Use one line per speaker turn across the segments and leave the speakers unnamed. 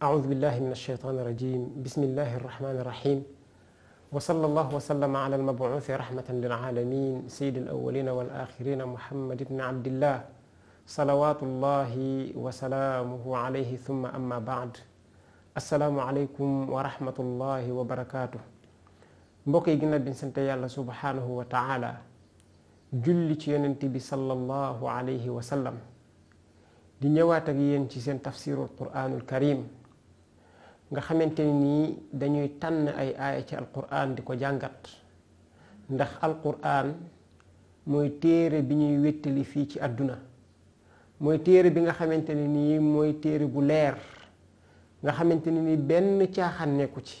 أعوذ بالله من الشيطان الرجيم بسم الله الرحمن الرحيم وصلى الله وسلم على المبعوث رحمة للعالمين سيد الأولين والآخرين محمد بن عبد الله صلوات الله وسلامه عليه ثم أما بعد السلام عليكم ورحمة الله وبركاته مبوكي جنة بن سنتي الله سبحانه وتعالى جل ci بصلى الله عليه وسلم wa sallam di تفسير القرآن الكريم nga xamanteni ni dañuy tànn ay aya ci alquran di jangat ndax alquran moy téré bi ñuy wétali fi ci aduna moy téré bi nga xamanteni ni moy téré bu lèr nga xamanteni ni ben caaxaan neeku ci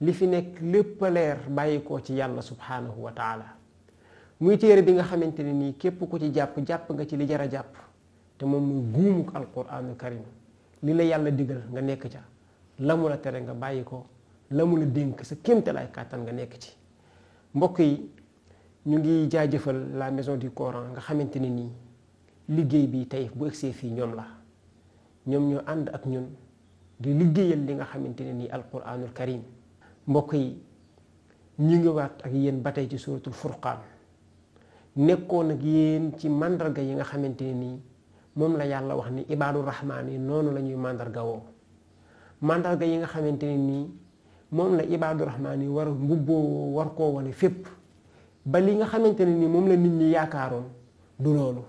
li fi nek lepp lèr bayiko ci yalla subhanahu wa taala muy téré bi nga xamanteni ni képp ku ci japp japp nga ci li jara japp te mom muy gumuk alquranul karim li la yàlla nga nek ci lamu la tere nga bàyyi ko la mu la dénk sa kéemtalaay kàttan nga nekk ci mbokk yi ñu ngi jaajëfal la maison du Coran nga xamante ne nii liggéey bi tey bu egsee fii ñoom la ñoom ñoo ànd ak ñun di liggéeyal li nga xamante ne nii alquranul karim mbokk yi ñu ngi waat ak yéen ba tey ci suratul furqaan nekkoon ak yéen ci màndarga yi nga xamante ne nii moom la yàlla wax ni ibaadu rahmaan yi noonu la ñuy woo màndarga yi nga xamante ne nii moom la ibaadu rahmaan yi war mbubboo war koo wane fépp ba li nga xamante ne nii moom la nit ñi yaakaaroon du loolu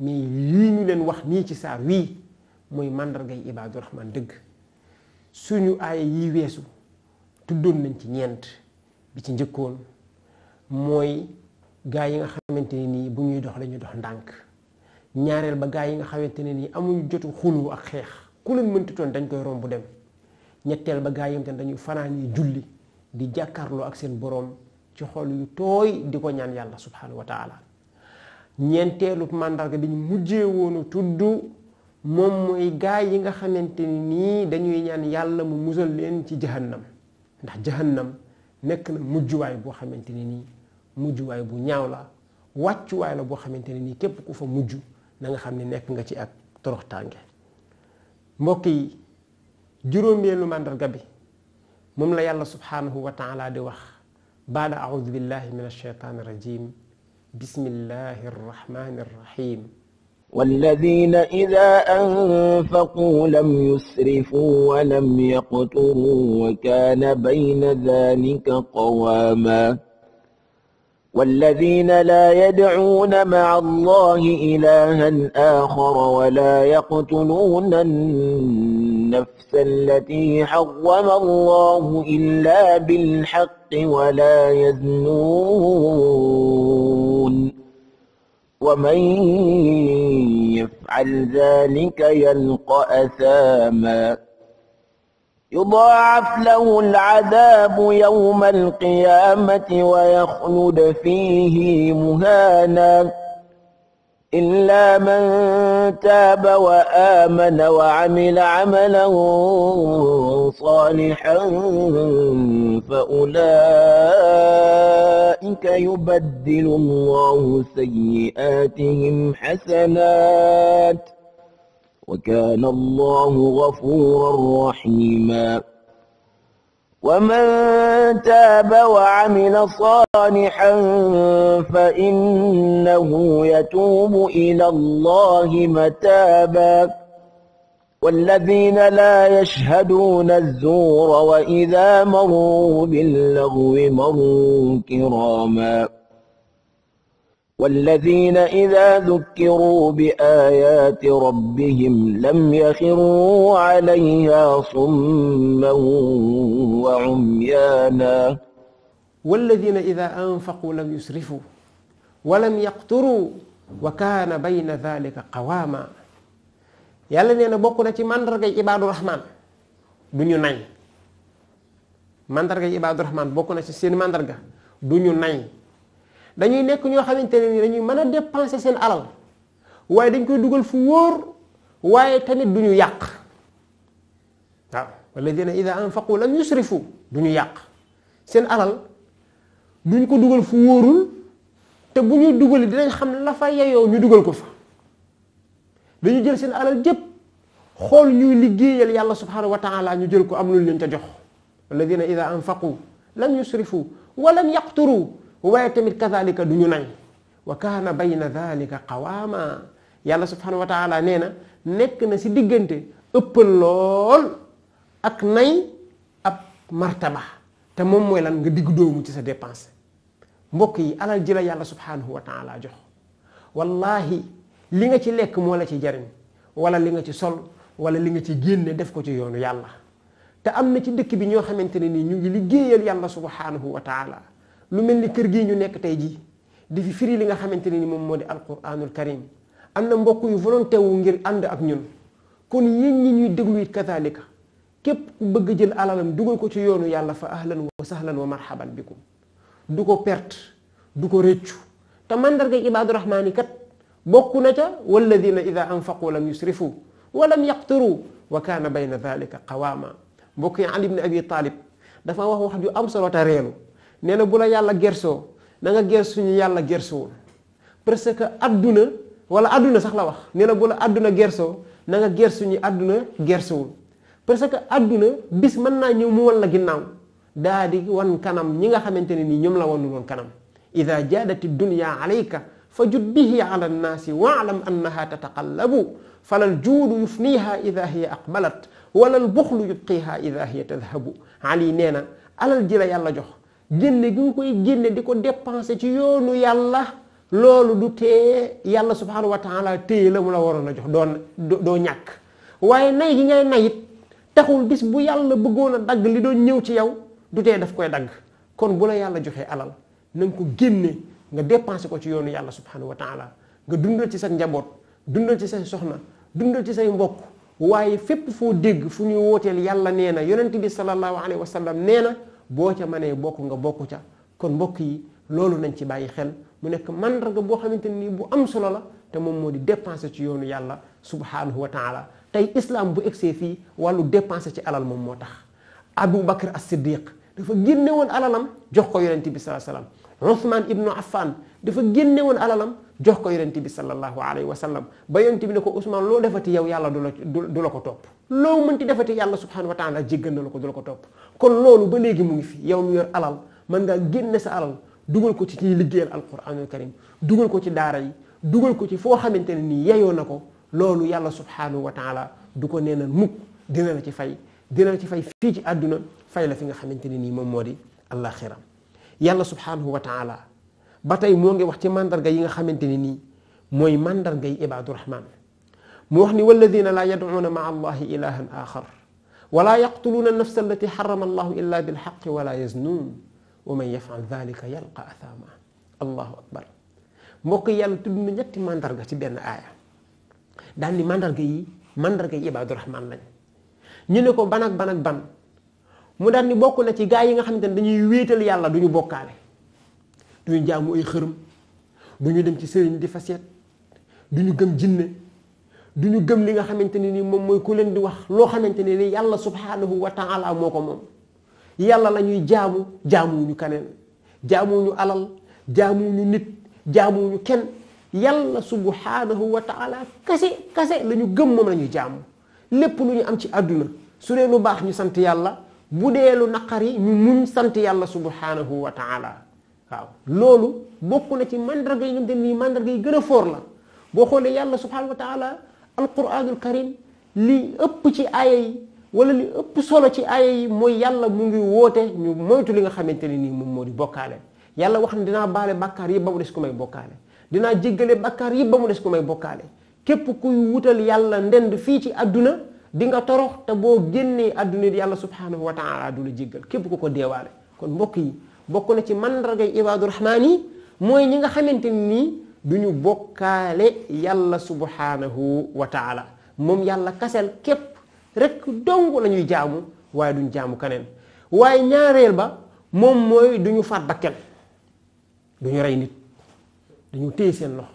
mais lii ñu leen wax nii ci saar wii mooy mandargay ibaadu rahmaan dëgg suñu aaya yi weesu tuddoon nañ ci ñeent bi ci njëkkoon mooy gaa yi nga xamante ne nii bu ñuy dox dañuy dox ndànk ñaareel ba gaa yi nga xamante ne nii amuñu jotu xuloo ak xeex ku leen mënti dañ koy romb dem ñettel ba gaa yi te dañuy fanaani julli di jakarlo ak seen borom ci xol yu tooy di ko ñaan yàlla subhanahu wa taala ñeenteelu màndarga bi ñu mujjee woonu tudd moom mooy gaay yi nga xamante ni nii dañuy ñaan yàlla mu musal leen ci jahannam ndax jahannam nekk na mujjuwaay boo xamante ni nii mujjuwaay bu ñaaw la wàccuwaay la boo xamante ni nii képp ku fa mujj na nga xam ne nekk nga ci ak torox tànge mbokk yi جروميلو ماندر غبي موم لا يالله سبحانه وتعالى دي وخ بعد اعوذ بالله من الشيطان الرجيم بسم الله الرحمن الرحيم
والذين اذا انفقوا لم يسرفوا ولم يقتروا وكان بين ذلك قواما والذين لا يدعون مع الله الها اخر ولا يقتلون النفس التي حرم الله إلا بالحق ولا يزنون ومن يفعل ذلك يلقى أثاما يضاعف له العذاب يوم القيامة ويخلد فيه مهانا إلا من تاب وآمن وعمل عملا صالحا فأولئك يبدل الله سيئاتهم حسنات وكان الله غفورا رحيما ومن تاب وعمل صالحا فإنه يتوب إلى الله متابا والذين لا يشهدون الزور وإذا مروا باللغو مروا كراما والذين إذا ذكروا بآيات ربهم لم يخروا عليها صما وعميانا
والذين إذا أنفقوا لم يسرفوا ولم يقتروا وكان بين ذلك قواما يالا نينا بوكو ناتي ماندارغا عباد الرحمن دونيو ناي ماندارغا عباد الرحمن بوكو ناتي سين ماندارغا دونيو ناي dañuy nekk ñoo xamante ne ni dañuy mën a dépenser seen alal waaye dañ koy dugal fu wóor waaye tamit du ñu yàq waaw walladina ida anfaqu lam yusrifu du ñu yàq seen alal duñ ko dugal fu wóorul te bu ñuy dugal dinañ xam la fa yeyoo ñu dugal ko fa dañu jël seen alal jëpp xool ñuy liggéeyal yàlla subhanahu wa taala ñu jël ko am lu leen ca jox walladina ida anfaqu lam yusrifu wa lam yaqturu waaye tamit kazalika du ñu nañ wa kaana bayna dalika qawaama yàlla subhanahu wa nee na nekk na si diggante ëppal lool ak nay ab martaba te moom mooy lan nga digg doomu ci sa dépense mbokk yi alal ji la yàlla subhanahu wa taala jox wallahi li nga ci lekk moo la ci jariñ wala li nga ci sol wala li nga ci génne def ko ci yoonu yàlla te am na ci dëkk bi ñoo xamante ne nii ñu ngi liggéeyal yàlla subhanahu wa taala lu mel ni kër gii ñu nekk tey jii di fi firi li nga xamante ne ni moom moo di alquranul karim am na mbokk yu volonté wu ngir ànd ak ñun kon yéen ñi ñuy déglu it kazalika képp ku bëgg jël alalam dugal ko ci yoonu yàlla fa ahlan wa sahlan wa marhaban bikum du ko perte du ko rëccu te mandarga ibaadu rahmaani kat bokk na ca walladina ida anfaqu lam yusrifu wa lam yaqturu wa kaana bayna dalika qawaama mbokk yi ali ibn abi talib dafa wax wax ju am solo te reelu nee na bu la yàlla gersoo na nga gersu yàlla gersuwul parce que adduna wala àdduna sax la wax nee na bu la adduna gersoo na nga gersu ñu adduna gersuwul parce que adduna bis mën naa ñëw mu wan la ginnaaw daa di wan kanam ñi nga xamante ne nii ñoom la wanul woon kanam ida jaadati dunya alayka fa jud bihi ala nnaasi waalam annaha falal juudu yufniha ida hiya aqbalat wala al buxlu yubqiha ida hiya tadhabu nee na alal ji yàlla jox génne gi nga koy génne di ko dépenser ci yoonu yàlla loolu du tee yàlla subhanahu wa taala téye la mu la waroon a jox doon doo ñàkk waaye nay gi ngay it taxul bis bu yàlla bëggoon a dagg li doon ñëw ci yow du tee daf koy dagg kon bu la yàlla joxee alal na nga ko génne nga dépenser ko ci yoonu yàlla subhanahu wa taala nga dundal ci sa njaboot dundal ci say soxna dundal ci say mbokk waaye fépp foo dégg fu ñuy wooteel yàlla nee na yonent bi sallallahu alayhi wa sallam nee na boo ca manee bokk nga bokk ca kon mbokk yi loolu nañ ci bàyyi xel mu nekk nga boo xamante nii bu am solo la te moom moo di dépenser ci yoonu yàlla subhanahu wa taala tey islam bu egsee fii wàllu dépenser ci alal moom moo tax Abu Bakr as-Siddiq dafa génne woon alalam jox ko yonent bi salaa salaam Ousmane ibnu Affan dafa génne woon alalam jox ko yonent bi sallallahu alayhi wa sallam ba yonent bi ne ko Ousmane loo defati yow yàlla du la du la ko topp loo mënti defati yàlla subhanahu wa taala jéggal na la ko du la ko topp kon loolu ba léegi mu ngi fi yow mi yor alal mën nga génne sa alal dugal ko ci ci liggéeyal alquranul karim dugal ko ci daara yi dugal ko ci foo xamante ne nii yeyoo na ko loolu yàlla subhanahu wa taala du ko nee na mukk dina la ci fay dina la ci fay fii ci àdduna fay la fi nga xamante ne nii moom moo di alaxira yàlla subhanahu wa taala ba tey moo ngi wax ci mandarga yi nga xamante ne nii mooy mandargay ibaadu rahman mu wax ni walladina laa yadcuuna maa allahi ilahan axar ولا يقتلون النفس التي حرم الله إلا بالحق ولا يزنون ومن يفعل ذلك يلقى أثاما الله أكبر mbokk yàlla tudd na ñetti mandarga ci benn aaya daal ni mandarga rahman lañ ñu ne ban ak ban ak ban mu daal ni bokk na ci gaa yi nga xamante ne dañuy wéetal yàlla duñu bokkaale duñu jaamu ay xërëm duñu jinne du ñu gëm li nga xamante ne ni moom mooy ku leen di wax loo xamante ne ni yàlla subhaanahu wa taala moo ko moom yàlla la ñuy jaamu jaamuwuñu kaneen jaamuwuñu alal jaamuwuñu nit jaamuwuñu kenn yàlla subhaanahu wa taala kase kase la ñu gëm moom la ñuy jaamu lépp lu ñu am ci àdduna su dee lu baax ñu sant yàlla bu dee lu yi ñu muñ sant yàlla subhaanahu wa taala waaw loolu bokk na ci mandarga yi nga xam gën foor la yàlla subhaanahu wa alquranul karim li ëpp ci aaya yi wala li ëpp solo ci aaya yi mooy yàlla mu ngi woote ñu moytu li nga xamante ne nii moom moo di bokkaale yàlla wax ne dinaa baale bàkkaar yëpp ba mu des ko may bokkaale dinaa jéggale bàkkaar yëpp ba mu des ku may bokkaale képp kuy wutal yàlla ndënd fii ci àdduna di nga torox te boo génnee àdduna yàlla subhaanahu wa taala du la jéggal képp ku ko deewaale kon mbokk yi bokk na ci mandargay ibaadu rahmaan mooy ñi nga xamante nii duñu ñu bokkaale yàlla subhanahu wa taala moom yàlla kaseel képp rek dong lañuy ñuy jaamu waaye duñ jaamu keneen waaye ñaareel ba moom mooy duñu ñu faat bakkel du rey nit dañu téye seen loxo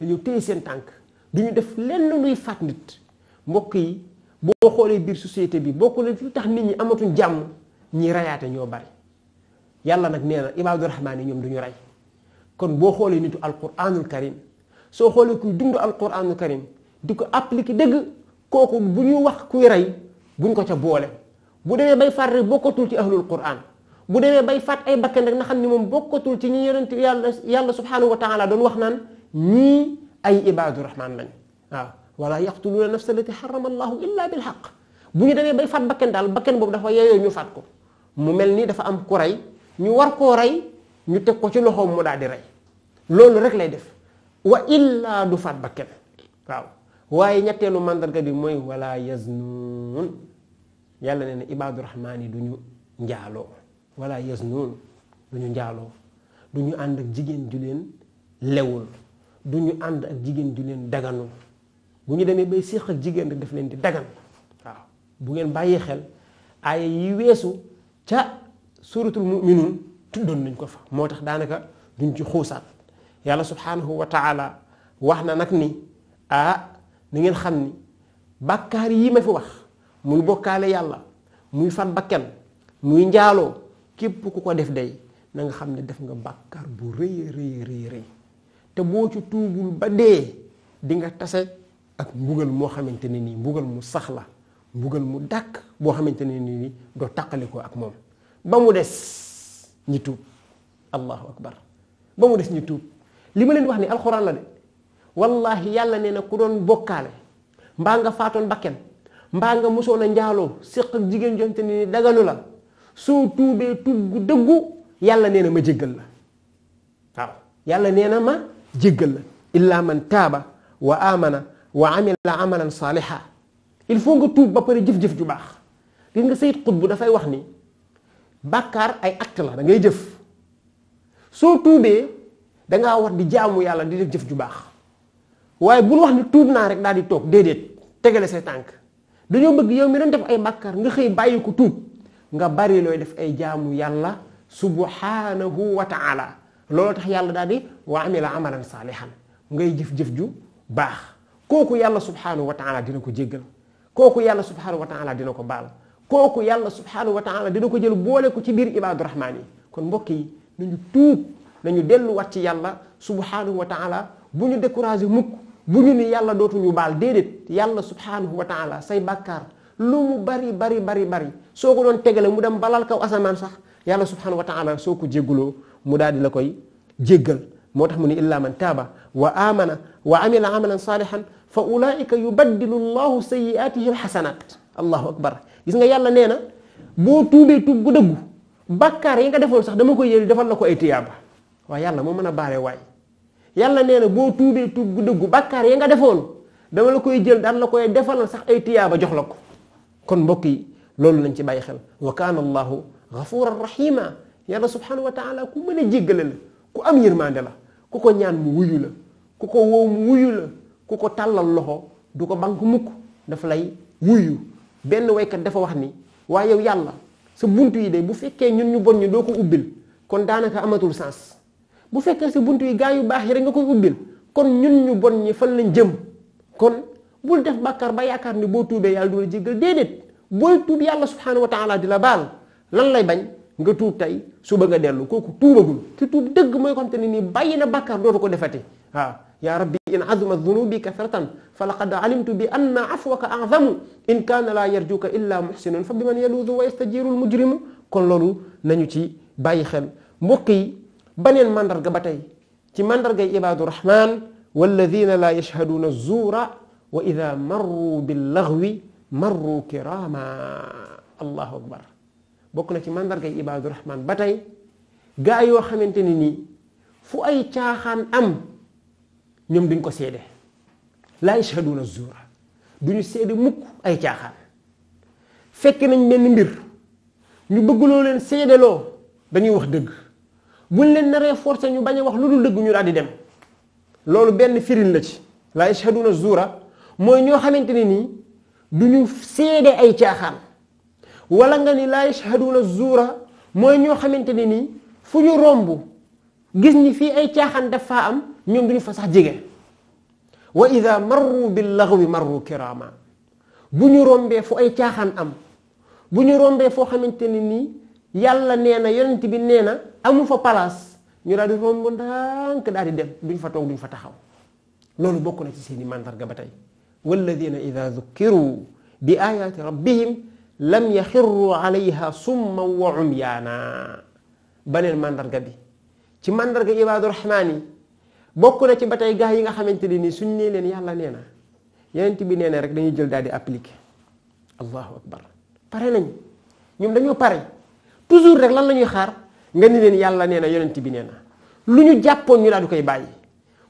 dañu téye seen tànk duñu def lenn luy faat nit mbokk yi boo xoolee biir société bi bokk na lu tax nit ñi amatuñ jàmm ñi reyaate ñoo bari yàlla nag nee na ibaadu rahmaan yi ñoom duñu rey kon boo xoolee nitu alquranul karim soo xoolee kuy dund alquranul karim di ko appliquer dëgg kooku bu ñu wax kuy rey buñ ko ca boole bu demee bay faat rek bokkatul ci ahlul quran bu demee bay faat ay bakkan na xam ni moom bokkatul ci ñi yonent yàlla yàlla subhanahu wa taala doon wax naan ñii ay ibadu rahman lañ waaw wala yaqtuluuna nafsa allati harama allahu illa bil haqq bu ñu demee bay faat bakkan daal bakkan boobu dafa yeyoo ñu faat ko mu mel nii dafa am ku rey ñu war koo rey ñu teg ko ci loxoom mu daal di rey loolu rek lay def wa illaa du faat ba kenn waaw waaye ñetteelu màndarga bi mooy wala yaznuun yàlla nee na ibaadu rahmaan yi du ñu njaaloo wala yaznuun du ñu njaaloo du ñu ànd ak jigéen ju leen lewul du ñu ànd ak jigéen ju leen daganul bu ñu demee bay séq ak jigéen rek daf leen di dagan waaw bu ngeen bàyyi xel aaya yi weesu ca suratul mu'minuun tuddoon nañ ko fa motax danaka duñ ci xuusaat yalla subhanahu wa taala waxna nakni, a, ni ah, a ni ngeen xamni bakkar yi ma fi wax muy bokale yalla muy fan bakken muy njaalo kep ku ko def day na nga xamni def nga bakkar bu reey reey reey reey te bo ci tuubul ba de di nga tasse ak mbugal mo xamanteni ni mbugal mu saxla mbugal mu dak bo xamanteni ni do takaliko ak mom ba mu dess ñi tuub allahu akbar ba mu des ñu tuub li ma leen wax ni alxuraan la de wallahi yàlla nee na ku doon bokkaale mbaa nga faatoon bakken mbaa nga mosoon a njaaloo séq ak jigéen jonte ni daganu la soo tuubee tuub gu dëggu yàlla nee na ma jéggal la waaw yàlla nee na ma jéggal la illa man taaba wa amana wa amila amalan saaliha il faut nga tuub ba pare jëf-jëf ju baax gis nga sayit xutbu dafay wax nii bàkkaar ay acte la da ngay jëf soo tuubee dangaa ngaa war di jaamu yàlla di def jëf ju baax waaye bul wax ni tuub naa rek daal di toog déedéet tegale say tànk dañoo bëgg yow mi doon def ay bàkkaar nga xëy bàyyi ko tuub nga bari looy def ay jaamu yàlla subhanahu wa taala looloo tax yàlla daal di wa amila amalan saalihan ngay jëf-jëf ju baax kooku yàlla subhanahu wa taala dina ko jéggal kooku yàlla subhanahu wa taala dina ko baal kooku yàlla subhanahu wa taala dina ko jël boole ko ci biir ibaadu rahmaan yi kon mbokk yi nañu tuub nañu delluwaat ci yàlla subhanahu wa taala bu ñu découragé mukk bu ñu ni yàlla dootuñu baal déedéet yàlla subhanahu wa taala say bàkkaar lu mu bari bari bari bari soo ko doon tegale mu dem balal kaw asamaan sax yàlla subhanahu wa taala soo ko jégguloo mu daal di la koy jéggal moo tax mu ni illa man taaba wa amana wa amila amalan salihan fa ulaika yubaddilu llahu sayiatihim xasanat allahu akbar gis nga yàlla nee na boo tuubee tuub gu dëggu bàkkaar yi nga defoon sax dama koy yël defal la ko ay tiyaaba waa yàlla moo mën a baale waay yàlla nee na boo tuubee tuub gu dëggu bàkkaar yi nga defoon dama la koy jël daan la koy defal sax ay tiyaaba jox la ko kon mbokk yi loolu lañ ci bàyyi xel wa kaana allahu gafuran rahima yàlla subhanahu wa taala ku mën a jéggale la ku am yërmande la ku ko ñaan mu wuyu la ku ko woow mu wuyu la ku ko tàllal loxo du ko bank mukk daf lay benn waykat dafa wax ni waaye yow yàlla sa buntu yi de bu fekkee ñun ñu bon ñu doo ko ubbil kon daanaka amatul sens bu fekkee sa buntu yi gaa yu baax yi rek nga koy ubbil kon ñun ñu bon ñi fan lañ jëm kon bul def bàkkaar ba yaakaar ni boo tuubee yàlla du la jéggal déedéet booy tuub yàlla subhaanahu wa taala di la baal lan lay bañ nga tuub tey suba nga dellu kooku tuubagul ki tuub dëgg mooy xam te nii bàyyi na bàkkaar dootu ko defati waaw yaa rabbi ولكن عظم الذنوب كثرة فلقد علمت بأن عفوك أعظم إن كان لا يرجوك إلا محسن فبمن يلوذ ويستجير المجرم كن لولو نانيوتي باي مقي بني المندر ماندارغا باتاي تي ماندارغا عباد الرحمن والذين لا يشهدون الزور وإذا مروا باللغو مروا كراما الله أكبر بوكنا تي ماندارغا عباد الرحمن باتاي غايو خامتيني ني فو ام ñoom duñ ko seede laa yashhaduuna zuura duñu seede mukk ay caaxaan fekk nañ benn mbir ñu bëgguloo leen seedeloo dañuy wax dëgg buñ leen naree forcé ñu bañ a wax lu dul dëgg ñu daal di dem loolu benn firin la ci laa yashhaduuna zuura mooy ñoo xamante ne nii duñu seede ay caaxaan walla nga ni laa yashhaduuna zuura mooy ñoo xamante ne nii fu ñu romb gis ñi fii ay caaxaan daf faa am ñoom dañu fa sax jege wa ida marru bil billaghwi marru kirama bu ñu rombee fu ay tiaxan am bu ñu rombee foo xamante ne yàlla nee yonent bi nee amu fa place ñu daal di rombu ndànk daal di dem duñ fa tok duñ fa taxaw loolu bokku na ci seeni màndarga ba tey walladina idha dhukiru bi ayati rabbihim lam yaxirru alayha summa wa umyana banen mandar ga bi ci mandar ga ibadur rahmani bokku na ci batay gaay yi nga xamanteni ni suñu ne leen yalla neena yent bi neena rek dañuy jël daldi appliquer allahu akbar paré nañ ñum dañu paré toujours rek lan lañuy xaar nga ni leen yalla neena yonent bi neena luñu jappon ñu daldi koy bayyi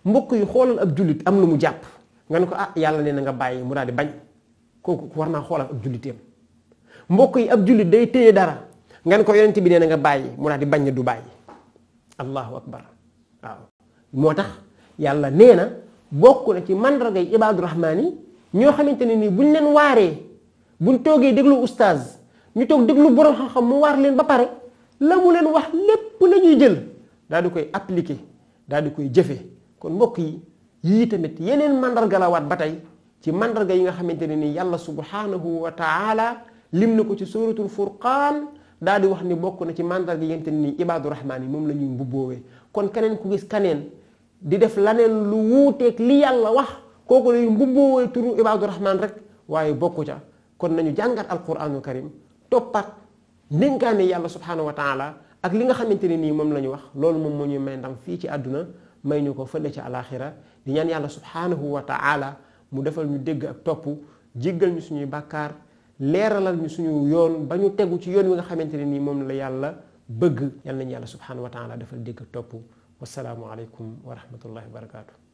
mbokk yu xolal ab julit am lu mu japp nga ne ko ah yalla neena nga bayyi mu daldi bañ koku war na xolal ab julitem mbokk yi ab julit day téye dara nga ne ko yonent bi neena nga bayyi mu daldi bañ du bayyi allahu akbar waaw moo tax yàlla nee na bokk na ci mandargay ibaadu rahmaan yi ñoo xamante ne nii bu buñ leen waaree buñ toogee déglu oustaz ñu toog déglu borom xam-xam mu waar leen ba pare la mu leen wax lépp la ñuy jël daal di koy appliquer daal di koy jëfe kon mbokk yi yii tamit yeneen mandarga la ba tey ci mandarga yi nga xamante ne nii yàlla subhanahu wa taala lim na ko ci suratul furqaan daal di wax ni bokk na ci mandarga yi yente nii ibaadu rahmaan yi moom la ñuy mbubboowee kon keneen ku gis kaneen di def laneen lu wuuteeg li yàlla wax kooku lay mbubboowee turu ibaadu rahmaan rek waaye bokku ca kon nañu jàngat alquraanul karim toppat ndénkaane yàlla subhaanahu wa taala ak li nga xamante ne nii moom la ñu wax loolu moom moo ñuy may ndam fii ci àdduna may ñu ko fële ci alaxira di ñaan yàlla subhaanahu wa taala mu defal ñu dégg ak topp jéggal ñu suñuy bàkkaar leeralal ñu suñu yoon ba ñu tegu ci yoon wi nga xamante ne nii moom la yàlla bëgg yal nañu yàlla subhanahu wa taala dafa dégg topp wasalaamualeykum wa rahmatullahi wa barakaatu.